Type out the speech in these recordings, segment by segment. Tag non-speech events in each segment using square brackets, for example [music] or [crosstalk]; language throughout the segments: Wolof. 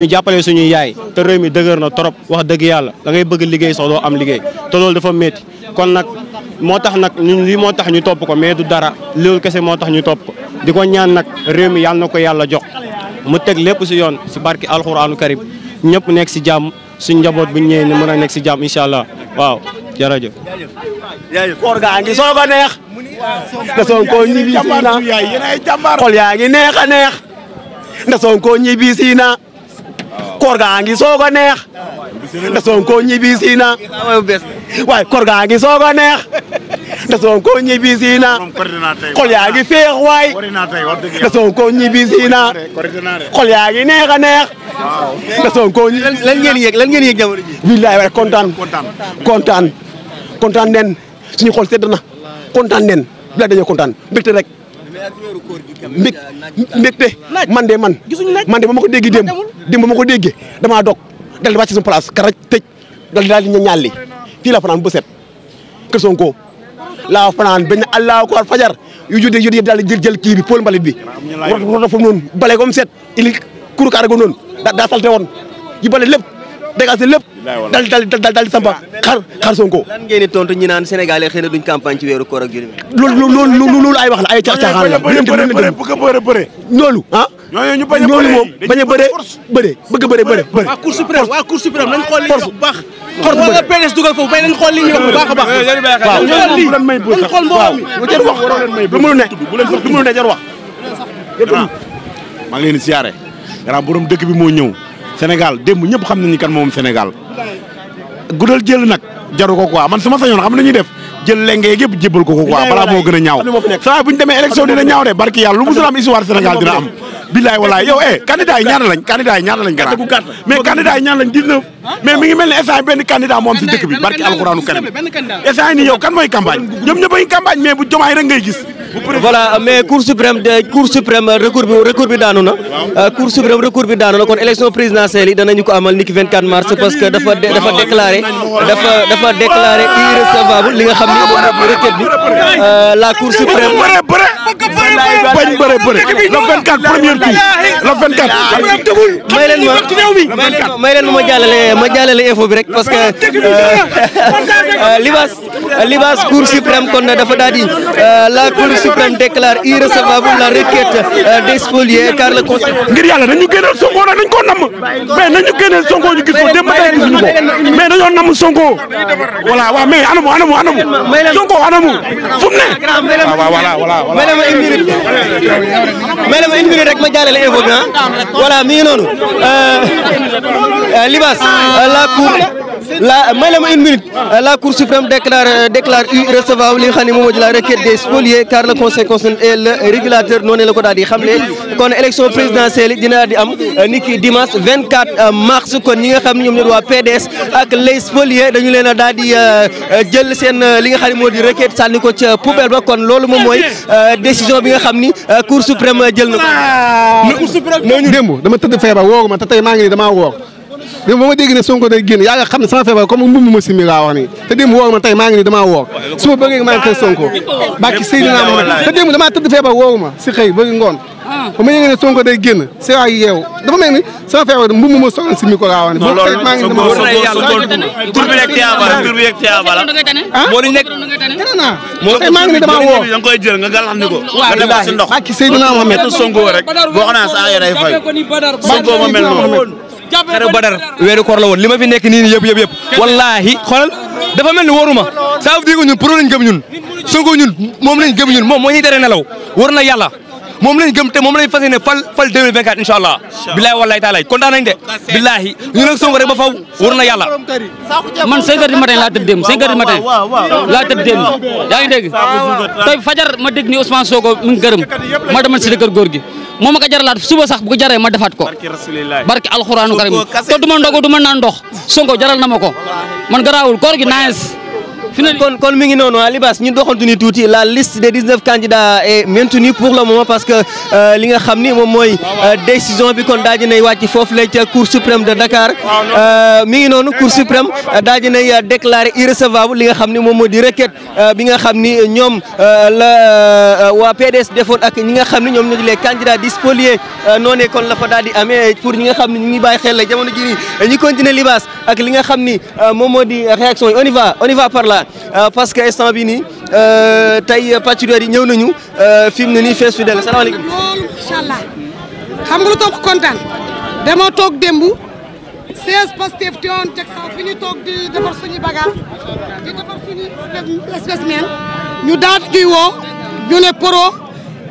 ñu jàppale suñuy yaay te réew mi dëgër na trop wax dëgg yàlla da ngay bëgg liggéey sax doo am liggéey te loolu dafa métti kon nag moo tax nag ñun li moo tax ñu topp ko mais du dara loolu kese moo tax ñu topp ko di ko ñaan nag réew mi yàlla na ko yàlla jox mu teg lépp si yoon si barki alxuraanu karim ñëpp nekk si jàmm suñ njaboot bu ñëwee ni mën a nekk si jàmm incha allah waaw jërëjëf. jërëjëf koor gaa ngi soog a neex. nga soog na xol yaa ngi a na. koor gaa ngi soog a neex nda Sonko ñibbisi na waaye koor gaa ngi soog a neex nda Sonko ñibbisi na xol yaa ngi féex waay nda Sonko ñibbisi na xol yaa ngi neex a neex nda Sonko lan ngeen yëg lan ngeen yëg jamono ji billaay waay kontaan kontaan kontaan nen suñu xol sedd na kontaan nen billaay dañoo kontaan mbégte rek mbég mbégte man de man man de ba ma ko déggee démb démb ba ma ko déggee damaa dog dal di wàcc sama place karaj tëj dal di daal di ñaali fii la fanaan bu set kër Sonko laa fanaan bañ allah ko fajar yu jude yu daal di jël jël kii bi pôle mbalit bi rot rota foofu noonu bale ko mu set ili kuru kaara go noonu daa salte woon yi bale lépp dégage lépp. dal dal dal dal di samp xar xar Sonko. lan ngeen di tontu ñi naan sénégalais xëy na duñ campagne ci weeru koor ak juróomi. loolu loolu loolu ay wax la ay caaxaan la. bëri bëri bëri bëri bëri loolu ah. ñooñu ñu bañ a bëree ñooñu moom bañ a bëree bëree bëgg a bëree bëree. waa cour suprême waa cour suprême nañ xool li ñu wax bu baax. force wala PDS dugal foofu bay nañ xool li ñu wax bu baax a baax. waaw loolu lan may bu sax waaw jar wax lu mu ne lu mu ne jar wax. maa ngi leen di siyaare. gannaaw borom dëkk bi moo ñëw Sénégal démb ñëpp xam nañu kan moom Sénégal gudal jël nag jaru ko quoi man sañoon xam nañuy def jël lenge yëpp jébbal ko ko quoi balaa moo gën a ñaaw saa bu ñu demee élection dina ñaaw de barki yàlla lu musul am histoire Sénégal dina am billaay walaay yow eh candidat yi lañ candidat yi lañ gara mais candidat yi lañ dix-neuf ah, mais mi mel ne instant benn candidat moo si dëkk bi barki alxuraanu karim instant nii yow kan mooy campagne voilà mais cour suprême de cour suprême recours bi recours bi daanu na. Euh, cour suprême recours bi daanu na kon élection présidentielle yi danañu ko amal niki 24 mars parce que dafa dafa déclaré dafa dafa déclaré irrecevable li nga xam ni moom requête euh, la cour suprême. bañ bëre bëre le 24 premier tour le 24. may ma may leen ma ma jàllale ma jàllale info bi rek parce que euh, [laughs] Libaas. Libasse Cour suprême kon dafa daal di euh, la Cour suprême déclare irrecevable la requête euh, des spoliés car le conseil. ngir yàlla nañu génneel Sonko nag dañ koo namm mais nañu génneel Sonko ñu gis ko démb tey gisuñu ko mais dañoo namm Sonko voilà waaw mais anamu anamu anamu Sonko anamu fu mu ne. waaw voilà voilà voilà. mais dama une minute rek ma jàllale info bi ah voilà mi ngi euh, la Cour. la may la ma une minute euh, la cour suprême déclare euh, déclare irrecevable li nga xam ne moom moo di la requête des spoliés car le conseil constitutionnel le régulateur noonu la ko daal di xam ne kon élection présidentielle dina di am euh, ni ki dimanche 24 mars kon ñi nga xam ne ñoom ñoo di waa PDS ak les spoliés dañu leen a daal di jël seen li nga xam ne moo di requête sànni ko ca poubelle ba kon loolu moom mooy décision bi nga xam ni cour suprême jël na ko. Ah! cour suprême ñooñu démb dama tëdd feebar wóoruma te tey maa damaa wóor. démb ba ma dégg ne Sonko day génn yaa nga xam ne sama feebar comme mbubb ma simi laa wax nii te démb woor ma tey maa ngi nii damaa woor su ma bëggee maa ngi kër Sonko bàkki Seydina Muhammad te démb damaa tëdd feebar wooru ma si xëy bëgg ngoon ba ma yëgee ne Sonko day génn si waay yeew dafa mel ni sama feebar mbubb ma soxal simi ko laa wax nii boo xëy maa ngi nii tur bi nekk tiyaaba tur bi nekk tiyaaba la moo di nekk tene naa tey maa ngi nii damaa woor da nga koy jël nga gàllam ni ko nga def si ndox bàkki Seydina Muhammad Sonko rek boo xam naa sa ay ray fay Sonko ma mel noonu xare badar weeru koor woon li ma fi nekk nii nii yëpp yëpp yëpp wallaahi xoolal dafa mel ni waruma ça veut dire ñun pro lañ gëm ñun Sonko ñun moom lañ ñun moom moo ñuy tere nelaw war na yàlla moom lañ gëm te moom lañ fas yéene fal fal 2024 incha allah billahi wallahi taala kontaan nañ de billahi ñu nag Sonko rek ba faw war na yàlla man 5 heures du matin laa tëdd démb 5 heures du matin laa tëdd démb yaa ngi dégg tey fajar ma dégg ni Ousmane Sonko mu ngi gërëm ma demoon si kër góor gi moo ma ko jaralaat suba sax bu ko ma defaat ko barki alxuraanu karim te du ma ndogu du ma naan ndox sonko jaral na ma man garaawul koor gi nice kon kon mi ngi noonu ah Libaas ñu doxantu ni tuuti la liste des 19 candidats est maintenue le moment parce que euh, li nga xam ni moom mooy euh, décision bi kon daal di nay wàcc foofu la ca Cour de Dakar euh, mi ngi noonu Cour suprême daal di nay déclaré irrecevable li nga xam ni moom moo di requête bi nga xam ni ñoom la waa PDS defoon ak ñi nga xam ni ñoom ñoo di les candidats di spoliés noonee kon la fa daal di amee pour ñi nga xam ni ñu ngi bàyyi xel la jamono jii nii ñu continuer Libaas ak li nga xam ni moom moo di réaction yi Euh, parce que instant bi nii euh, tey pâturiers yi ñëw nañu euh, fi mu ne nii fees fi dell salaamaaleykum. incha allah xam nga lu toog kontaan dama toog démb 16 Pastef teewoon teg saw fi ñu toog di defar suñu bagage di ñu daal di woo ñu ne Poro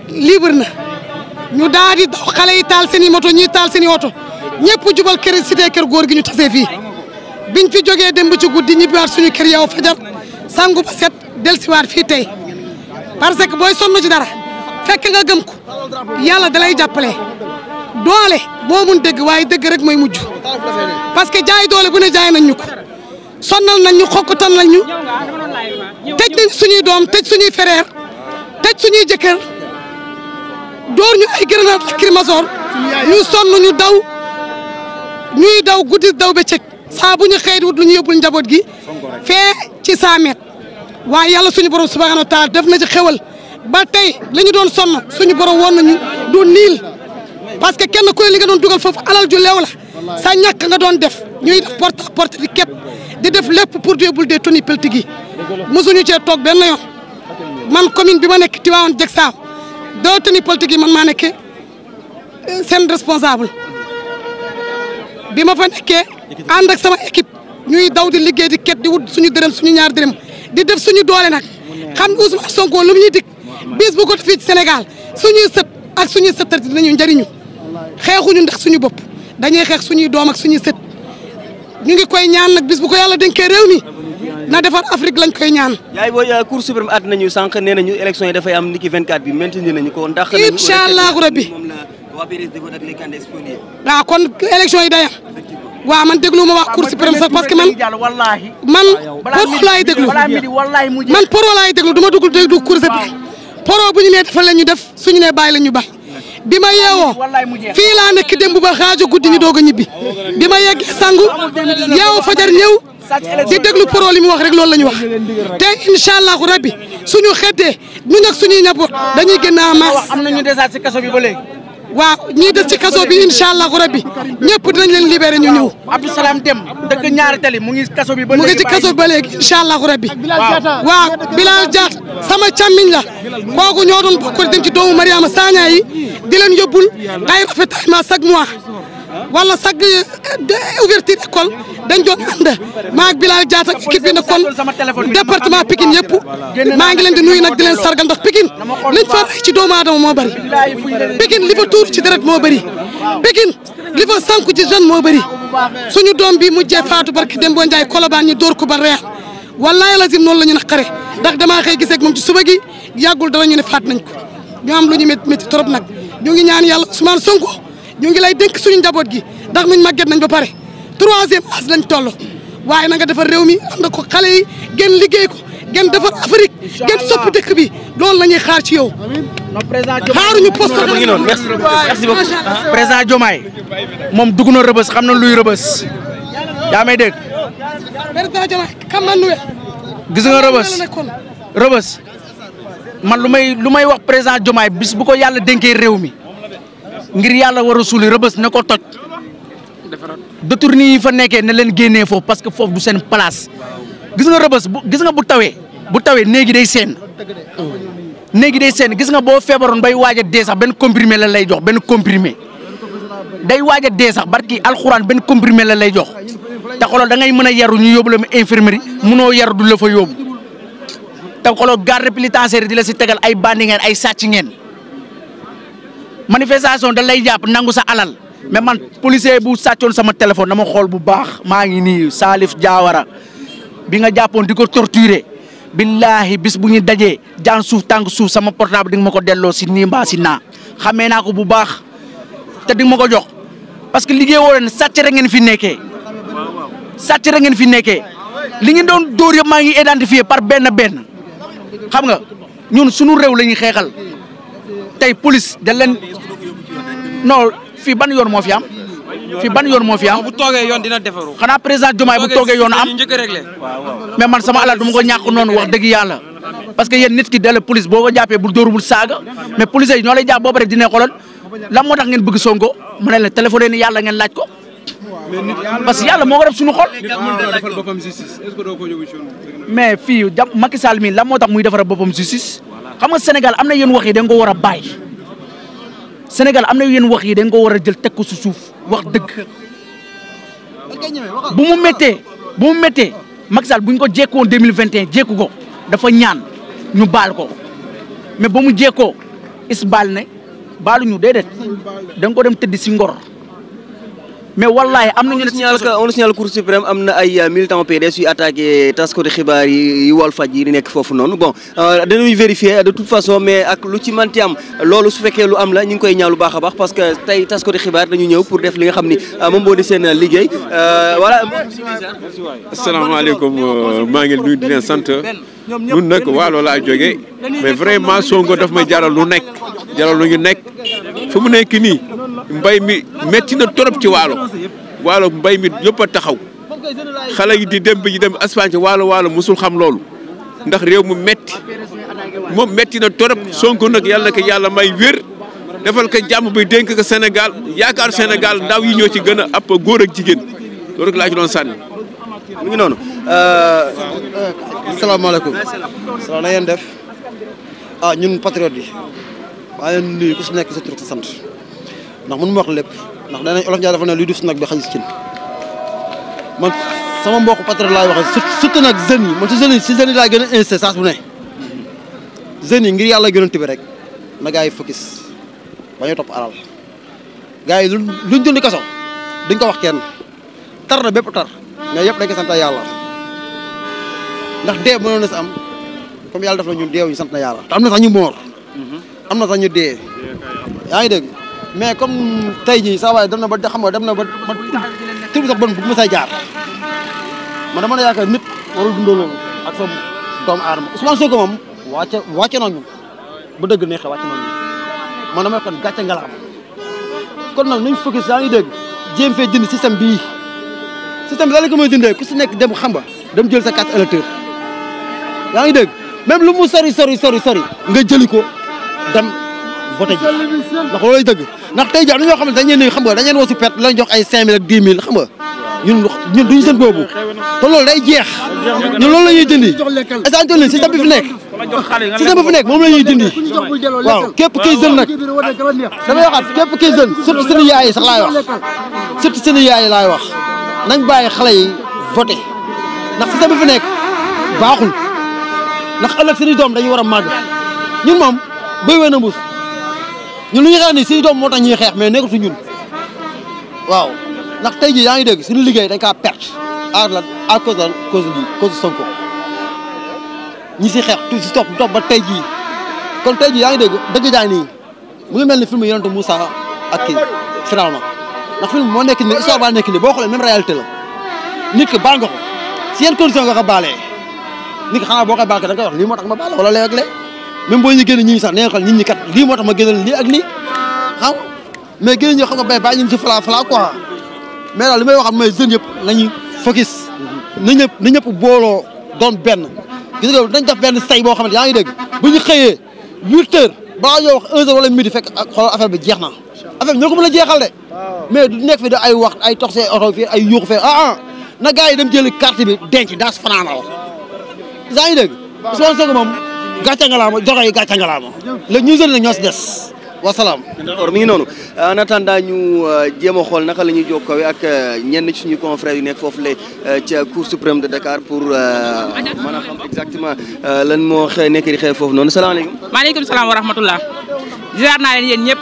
libre na ñu daal di taal seen moto ñuy taal seen woto oto ñëpp jubal kër cité kër góor gi ñu tasee biñ fi jóge démb ci guddi ñibbiwaat suñu kër yow fajar sangu ba set dellusiwaat fii tey parce que booy sonn ci dara fekk nga gëm ko yàlla dalay jàppale doole boo mun dëgg waaye dëgg rek mooy mujj parce que jaay doole bu ne jaay nañ ñu ko sonnal nañ ñu xokkutal nañ ñu tëj nañ suñuy doom tëj suñuy fereer tëj suñuy jëkkër door ñu ay grenade lacrymogène ñu sonn daw ñuy daw guddi daw bëccëg saa bu ñu xëy wut ñu ñu yóbbul njaboot gi fee ci 100 waaye yàlla suñu borom subhanahu wa taala def na ci xewal ba tey li ñu doon sonn suñu borom woon nañu du niil parce que kenn ku ne li nga doon dugal foofu alal ju leew saa sa ñàkk nga doon def ñuy def porte à porte di képp di def lépp pour débul dee tenus politiques yi mosuñu cee toog benn yoon man commune bi ma nekk Tivaouane Diacksao deux tenus politiques yi man maa nekkee euh, seen responsable bi ma fa nekkee ànd ak sama équipe ñuy daw di liggéey di ket di wut suñu dërëm suñu ñaar dërëm di def suñu doole nag xam nga Ousmane Sonko lu mu ñuy dig bis bu ko fii Sénégal suñuy sët ak suñuy sëttat dinañu njëriñu xeexuñu ndax suñu bopp dañuy xeex suñuy doom ak suñu sët ñu ngi koy ñaan nag bis bu ko yàlla dénkee rew mi na defar Afrique lañ koy ñaan. yaay booy Cour suprême at nañu sànq nee nañu élection yi dafay am niki 24 bi maintenir nañu ko ndax. incha allahu rabi moom la waa PDS defoon ah, kon élection yi day waaw man déglu ma wax cour suprême sax parce que man man pro laay déglu man pro laay déglu du ma dugg déglu cour suprême pro bu ñu nee fa la ñu def suñu nee bàyyi la ñu bàyyi bi ma yeewoo fii laa ba xaaju guddi ñu doog a ñibbi bi ma yeggee sangu yeewoo fajar ñëw di déglu pro li mu wax rek loolu la ñu wax te incha allahu rabbi suñu xeddee ñun ak suñuy ñaboot dañuy gën a maas am na ñu desaat si kaso bi ba léegi waaw ñii des ci kaso bi incha allah rabbi ñëpp dinañ leen libéré ñu ñëw. Abdou Salam Dème dëkk ñaari tali mu ngi kaso ba léegi mu ngi ci kaso ba léegi incha allah rabbi. waaw Bilal Diatta sama càmmiñ la kooku ñoo doon bokk dem ci doomu Mariama Sagna yi di leen yóbbul ay rafet ma chaque walla sag eh, ouverture école dañ doon ànd maa ak Bilal Diatta bi nag kon département Pikine yëpp maa ngi leen di nuyu nag di leen sargal ndax Pikine liñ fa ci moo bëri Pikine li fa tuur ci deret moo bëri Pikine li fa sànku ci jeune moo bëri suñu doom bi mujjee faatu barki Demba Ndiaye Colobane ñu dóor ko ba reer wallaay lazim noonu la ñu naqare ndax damaa xëy gisee ak moom ci suba gi yàggul ñu ne faat nañ ko ñu am lu ñu métti trop nag ñu ngi ñaan yàlla Ousmane Sonko ñu ngi lay dénk suñu njaboot gi ndax nuñ màgget nañ ba pare troisième âge lañ toll waaye nanga nga defar réew mi ànd ko xale yi gën liggéey ko gën defar Afrique gën soppi dëkk bi loolu la ñuy xaar ci yow. xaaruñu poste mu ngi noonu merci beaucoup ah. président Diomaye moom dugg na rëbës xam na luy rëbës yaa may dégg. président Diomaye xam na nu gis nga rëbës man lu may lu may wax président Diomaye bis bu ko yàlla dénkee réew mi. ngir yàlla war a suuli rëbës na ko toj détourné yi fa nekkee ne leen génnee foofu parce que foofu du seen place gis nga rëbës bu gis nga bu tawee bu tawee néegi day seen néegi day seen gis nga boo feebaroon bay waaj dee sax benn comprimé la lay jox benn comprimé day waaj a dee sax barki alxuraan benn comprimé la lay jox te xoolal da ngay mën a yaru ñu yoobu la mu infirmerie noo yaru du la fa yóbbu te xoolal garde pénitentiaire di la si tegal ay bandi ngeen ay sàcc ngeen. manifestation da lay jàpp nangu sa alal mais man policier bu sàccoon sama téléphone dama xool bu baax maa ngi nii Salif Diawara bi nga jàppoon di ko torturer billahi bis bu ñu dajee jaan suuf tàng suuf sama portable di nga ma ko delloo si nii mbaa si naa xamee naa ko bu baax te di nga ma ko jox parce que liggéey woo leen sàcc rek ngeen fi nekkee sàcc rek ngeen fi nekkee li ngeen doon dóor yëpp maa ngi identifié par benn benn xam nga ñun sunu réew la ñuy xeexal. tey police da leen non fii ban yoon moo fi am. fii ban yoon moo fi am. bu toogee yoon dina defaru. xanaa président Diomaye bu toogee yoon am. mais man sama alal du ma ko ñàkk noonu wax dëgg yàlla. parce que yéen nit ki dale police boo ko jàppee bul dóor bul saaga mais police yi ñoo lay jàpp boobu rek dinañ xoolal lan moo tax ngeen bëgg Sonko mu ne la téléphoné ni yàlla ngeen laaj ko. parce que yàlla moo ko def suñu xol. mais fii jàpp Macky Sall mii lan moo tax muy defar boppam justice. xam nga Sénégal am na yéen wax yi dañ ko war a bàyyi Sénégal am na yéen wax yi dañ ko war a jël teg ko si suuf wax dëgg bu mu méttee bu mu méttee Macky Sall bu ñu ko jékkoon deux mille vingt et ko dafa ñaan ñu baal ko mais ba mu jeekoo is baal ne baaluñu déedéet da nga dem tëdd si ngor. mais wallaahi am nañu. on le signale cour suprême am na ay euh, militants PDS yu attaqué taskatu xibaar yi Walfadjri yi nekk foofu noonu bon euh, danañuy vérifier de toute façon mais ak lu ci manti am loolu su fekkee lu am la ñu ngi koy ñaaw lu baax a baax parce que tey taskatu xibaar dañu ñëw pour def li nga xam ni euh, moom moo di seen liggéey voilà. asalaamaaleykum maa ngi nuyu di leen sant ñun nag waa loolu laa jógee mais vraiment Sonko daf may jaral lu nekk jaral lu nekk mu nekk nii. mbay mi metti na torop ci waalo waalo mbay mi yëpp a taxaw xale yi di dem bi ñu dem Espagne waalo waalo mosul xam loolu ndax réew mu metti moom metti na torop sonkoon nag yàlla ko yàlla may wér defal ka jàmm bi dénk ko Sénégal yaakaar Sénégal ndaw yi ñoo ci gën a ab góor ak jigéen loolu rek laa ci doon sànni. mu ngi noonu. Euh, salaamaaleykum. salaam na ngeen def. ah ñun patriote yi. waaye nuyu ku si nekk sa tur sa sant. ndax mënu ma wax lépp ndax danañ olof Ndiaye dafa ne luy def nag bi xaj cin man sama mbokku patriote laay waxee surtout nag jeunes yi man si jeunes yi si jeunes yi laay gën a insisté saa ne jeunes yi ngir yàlla gënantu bi rek na yi focus bañu topp alal gars yi luñ jënd kaso duñ ko wax kenn tar na bépp yëpp dañ ko yàlla ndax dee mënoon na si am comme yàlla def ñu ñun deewuñu sant na yàlla te am na sax ñu moor mhm. am na sax ñu dee yaa ngi dégg mais comme tey jii saa waay dem na ba xam nga dem na ba man tur bi sax bon bu ma say jaar man dama la yaakaar nit warul dundoo loolu ak sa doomu aadama Ousmane Sonko moom wàcce wàcce nañu bu dëgg neexee wàcce nañu man damay kon gàcce ngalaam kon nag nañ focus yaa ngi dégg jéem jënd système bi la la ko may jëndee ku si nekk dem xam nga dem jël sa carte yaa ngi dégg même lu mu sori sori sori sori nga jëli ko dem. voté ji ndax loolooy dëgg ndax tey ji am na xam ne dañ leen xam nga dañ leen woo si perte lañ jox ay 5000 ak 10 000 xam nga ñun ñun duñ seen boobu te loolu day jeex ñun loolu la ñuy dindi essentiel li système bi fi nekk système bi fi nekk moom la ñuy dindi waaw képp kiy jeune nag damay waxaat képp kiy jeune surtout seen yaay yi sax laay wax surtout seen yaay yi laay wax nañ bàyyi xale yi voté ndax système bi fi nekk baaxul ndax ëllëg seen i doom dañu war a màgg ñun moom béy wee na mbuus ñun lu ñu xeex nii suñu doom moo tax ñuy xeex mais nekkatu ñun waaw ndax tey jii yaa ngi dégg suñu liggéey dañ kaa perte à la à cause de cause de Sonko ñi si xeex tu si topp topp ba tey jii kon tey jii yaa ngi dégg dëgg jaa nii mu ngi mel ni film yonent Moussa ak kii Firawna ndax film moo nekk ni histoire baa nekk ni boo xoolee même réalité la nit ki baa nga si yenn condition nga ko baalee nit ki xanaa boo koy baal da nga koy moo tax ma baal wala léeg-léeg même boo ñu génn ñi sax nee xool nit ñi kat lii moo tax ma génnal lii ak lii xam mais génn ñoo xam nga bay bàyyi ñu ci fala fala quoi mais daal li may mooy jeunes nañu focus na ñëpp na ñëpp booloo doon benn gis nga dañ def benn say boo xam ne yaa ngi dégg bu ñu xëyee huit heures balaa ñoo wax heure wala midi fekk ak bi jeex na affaire bi ñoo ko mën a jeexal de mais du nekk fi da ay wax ay tox see oto fii ay yuuxu fee ah ah na gars yi dem jëli carte bi denc daas fanaanal yaa ngi dégg Ousmane gàcce ngalaama joxe yi gàcce la ñu jël na ñoo si des wasalaam. d'accord mi ngi noonu euh, en attendant ñu euh, jéem a xool naka la ñuy jokkoo ak euh, ñenn ci suñu confrères yu nekk foofu la ca cour suprême de Dakar pour mën xam exactement lan moo xëy nekk di xew foofu noonu salaamaaleykum. maaleykum salaam wa rahmatullah ziar naa leen yéen ñëpp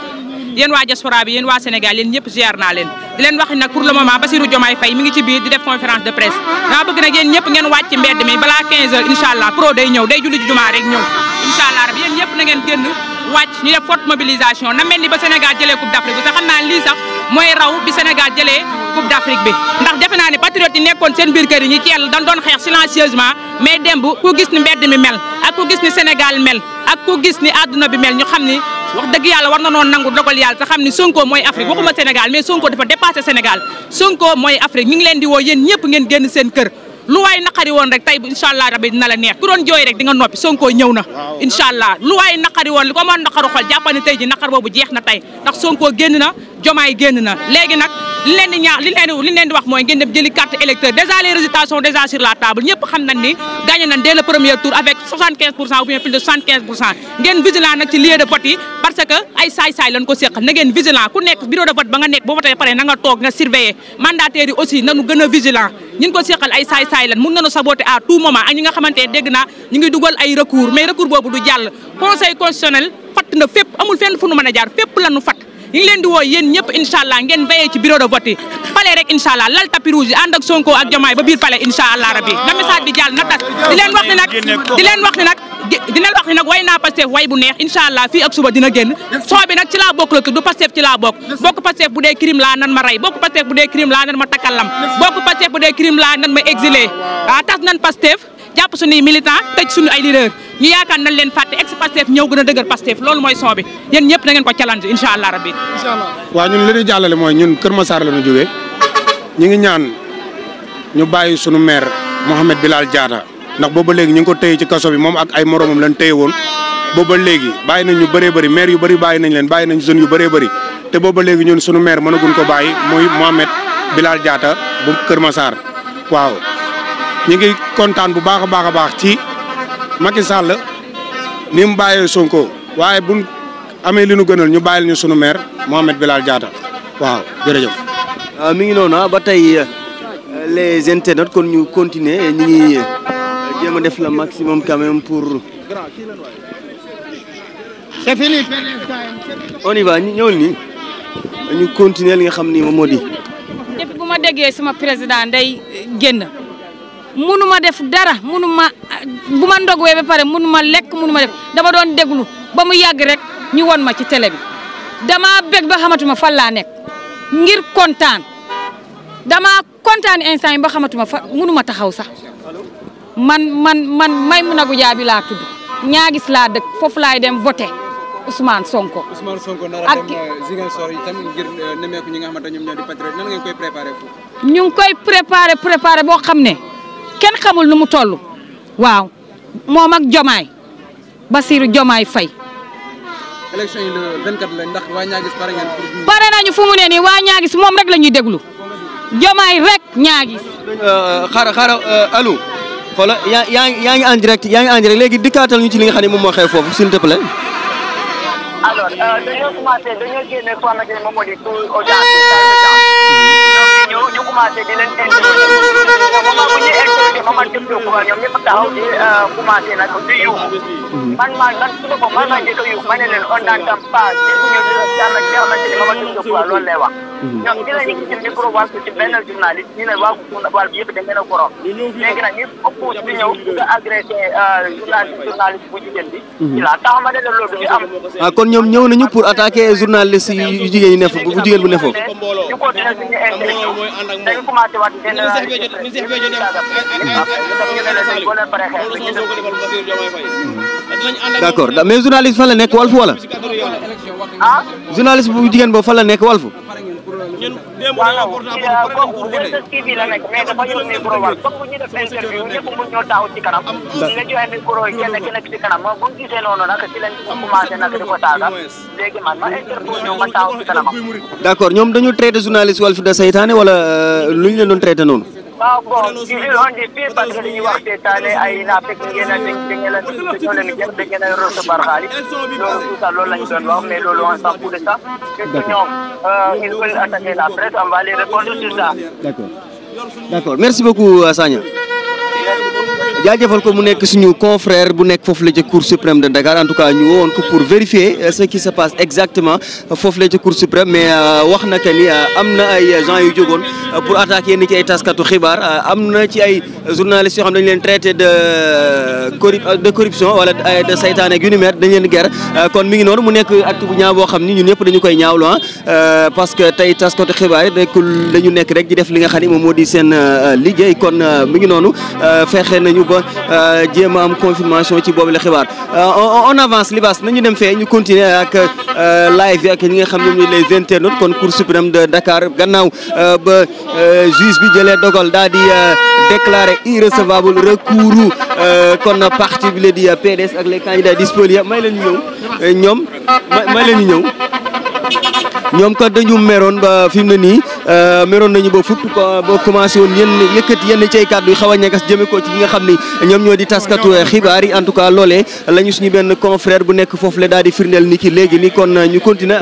yéen waa diaspora waa Sénégal yéen ñëpp ziar naa leen. di leen na nag pour le moment Bassirou Diomaye Faye mi ngi ci biir di def conférence de presse dama bëgg nag yéen ñëpp ngeen wàcc mbedd mi balaa 15 heures incha allah pro day ñëw day julli ji jumaa rab yéen ñëpp na ngeen génn wàcc ñu def forte mobilisation na mel ni ba Sénégal jëlee coupe d' Afrique bi te xam naa lii jëlee coupe ndax defe naa ne patriote yi nekkoon seen biir kër yi ñi teel dañ doon xeex silencieusement mais démb ku gis ni mbedd mi mel ak ku gis ni Sénégal mel ak ku gis ni àdduna bi mel ñu xam ni wax dëgg yàlla war na noon nangu dogal yàlla te xam ni Sonko mooy Afrique waxuma Sénégal mais Sonko dafa dépassé Sénégal Sonko mooy Afrique ñu woo yéen ñëpp ngeen génn seen kër lu waay rek tey incha allah rabi dina la neex ku jooy rek di nga noppi Sonko ñëw na incha allah lu waay naqari woon li ko ma naqaru xol jàppal jeex na tey ndax Sonko génn na jomaay génn na léegi nag li leen di ñaax li leen di li leen di wax mooy ngeen dem jëli carte électeur déjà les résultats déjà sur table ñëpp xam nañ ni gagné nañ dès le premier tour avec 75 pour cent ou bien plus de 75 pour cent ngeen vigilant nag ci lieu de vote yi parce que ay saay-saay lañ ko seq na ngeen ku nekk bureau de vote ba nga nekk boo votee pare na toog nga surveiller mandataires yi aussi nañu gën a vigilant ñun ko seqal a jaar ñu leen di woo yéen ñëpp incha allah ngeen veillé ci bureau de vote yi palais rek incha allah lal tapis rouge yi ànd ak Sonko ak Diomaye ba biir palais incha allah na message bi jàll na tas di leen wax ni nag di leen wax ni nag way naa Pastef way bu neex incha allah fii ak suba dina génn soo bi nag ci laa bokk la tudd Pastef ci laa bokk bokk Pastef bu dee crime laa nan ma rey bokk Pastef bu dee crime laa nan ma takkalam bokk Pastef bu dee crime laa nan ma exilé ah tas nan Pastef ñu yaakaar nañ leen fàtte ex Pastef ñëw gën a dëgër Pastef loolu mooy son bi yéen ñëpp na ngeen ko challenge incha allah rabbi. incha ñun li ñu jàllale mooy ñun Kër Massar la ñu jógee ñu ngi ñaan ñu bàyyi sunu maire Mouhamed Bilal jaata ndax ba léegi ñu ngi ko téye ci kaso bi moom ak ay moromam lañ téye woon booba léegi bàyyi nañ ñu bëree bëri maire yu bëri bàyyi nañ leen bàyyi nañ jeunes yu bëree bëri te ba léegi ñun sunu maire mënaguñ ko bàyyi muy Mouhamed Bilal Diatta bu Kër Massar waaw ñu ngi kontaan bu baax a baax a baax ci Macky Sall ni mu bàyyee Sonko waaye bu amee li nu gënal ñu bàyyil ñu sunu maire Mohamed Bilal Diatta waaw jërëjëf. Ah, mi ngi noonu ah, ba tey euh, les internautes kon ñu continuer ñu ngi euh, jéem a def le maximum quand même pour. c'est fini. on y va ñëwal ñu li nga xam ni moom moo di. depuis bu ma déggee sama président génn. munuma def dara munuma bu ma ndogwee ba pare munuma lekk munuma def dama doon déglu ba mu yàgg rek ñu won ma ci télé bi dama bég ba xamatuma fan laa nekk ngir kontaan dama kontaan instant yi ba xamatuma fa munuma taxaw sax man man man Maimouna Goudiaby laa tudd ñaagis laa dëkk foofu laay dem voté Ousmane Sonko. Ousmane Sonko nar a dem euh, Ziguinchor itam ngir euh, nemmeeku ñi nga xamante ñoom ñoo di patriote nan ngeen koy préparé foofu. ñu ngi koy préparé préparé boo xam ne. kenn xamul nu mu toll waaw moom ak Jomaay Basiru Jomaay Fay. élection yi le 24 la ndax waa Ñaagis pare ngeen pour. pare nañu fu mu ne nii waa Ñaagis moom rek la ñuy déglu Jomaay rek Ñaagis. xaaral xaaral euh, allo. xoola yaa yaa yaa ngi en direct yaa ngi en direct léegi dikkaatal ñu ci li nga xam ne moom moo xew foofu s'il te plaît. alors euh, dañoo commencé dañoo génne soo xamante ne moom moo di tout audience ñu commencé di leen moom bu ñuy expliqué ba man jëm ko ñoom ñëpp taxaw di commencé nag di yuuxu. man maa man suñu bopp man maa njëkk a yuuxu ma ne leen on n'entend pas ñu daanaka ci xamante ni Mamadou Diop waaw loolu lay wax. ñoom ci la ñu ci micro wax ci benn journaliste ñu ne waa Koungheul wàll bi yëpp dañ leen a korom. léegi nag ñëpp puus di ñëw nga agressé journaliste journaliste bu jigéen bi. ci la tax ma ne leen loolu du ñu am. ah kon ñoom ñëw nañu pour attaquer journaliste yu jigéen yi ne foofu bu jigéen bu ne foofu. ñu continué suñu interview dañu commencé waat benn buñ Cheikh d'accord mais journaliste fan la nekk Walf wala ah journaliste bu jigéen boobu fan nekk Walf ñun démb dañoo portable pour pour voter TV bu ñu def interview ci kanam ñu ñoom dañu traité journaliste Walf de saytaane wala euh, lu ñu leen doon traité noonu waaw bon toujours on dit fii parce que dañuy wax seetaane ay naafeq ngeen a dañ dañ leen dañoo leen jëf dañ leen recevoir xaalis loolu tout loolu lañ doon wax mais loolu ñoom ils veulent attaquer la presse on va les répondre sur ça merci beaucoup euh, Sagna jaajëfal ko mu nekk suñu confrère bu nekk foofu la ca cour suprême de Dakar en tout cas ñu woon ko pour vérifier euh, ce qui se passe exactement euh, foofu la ca cour suprême mais euh, wax na ni am na ay gens yu jógoon pour attaquer yenn ci ay taskatu xibaar am na ci ay journalistes yoo xam dañu leen traité de de corruption wala de saytaane ak yu leen ger kon mi ngi noonu mu nekk acte bu ñaaw boo xam ni ñun ñëpp dañu koy ñaawlu ah parce que tey taskatu xibaar yi nekkul dañu nekk rek di def li nga xam ni moom moo di seen liggéey kon mi ngi noonu ba euh, jéem a am confirmation ci boobu la xibaar euh, on avance libaas nañu dem fee ñu continuer ak euh, live yi ak ñi nga xam ñoom ñu les internautes kon cour suprême de Dakar gannaaw ba juge bi jëlee dogal daal di déclaré irrecevable kon parti bi la di PDS ak les candidats disponibles may leen ñu ñëw may leen ñu ñoom kat dañu meroon ba fi mu ne nii euh, meroon nañu ba fupp ba commencé woon yenn yenn cay kàddu yi xaw a ñagas jëme ko ci ñi nga xam ni ñoom ñoo di taskatu xibaar yi en tout cas loolee la suñu benn confrère bu nekk foofu la daal di firndeel ni ki léegi ni kon ñu continuer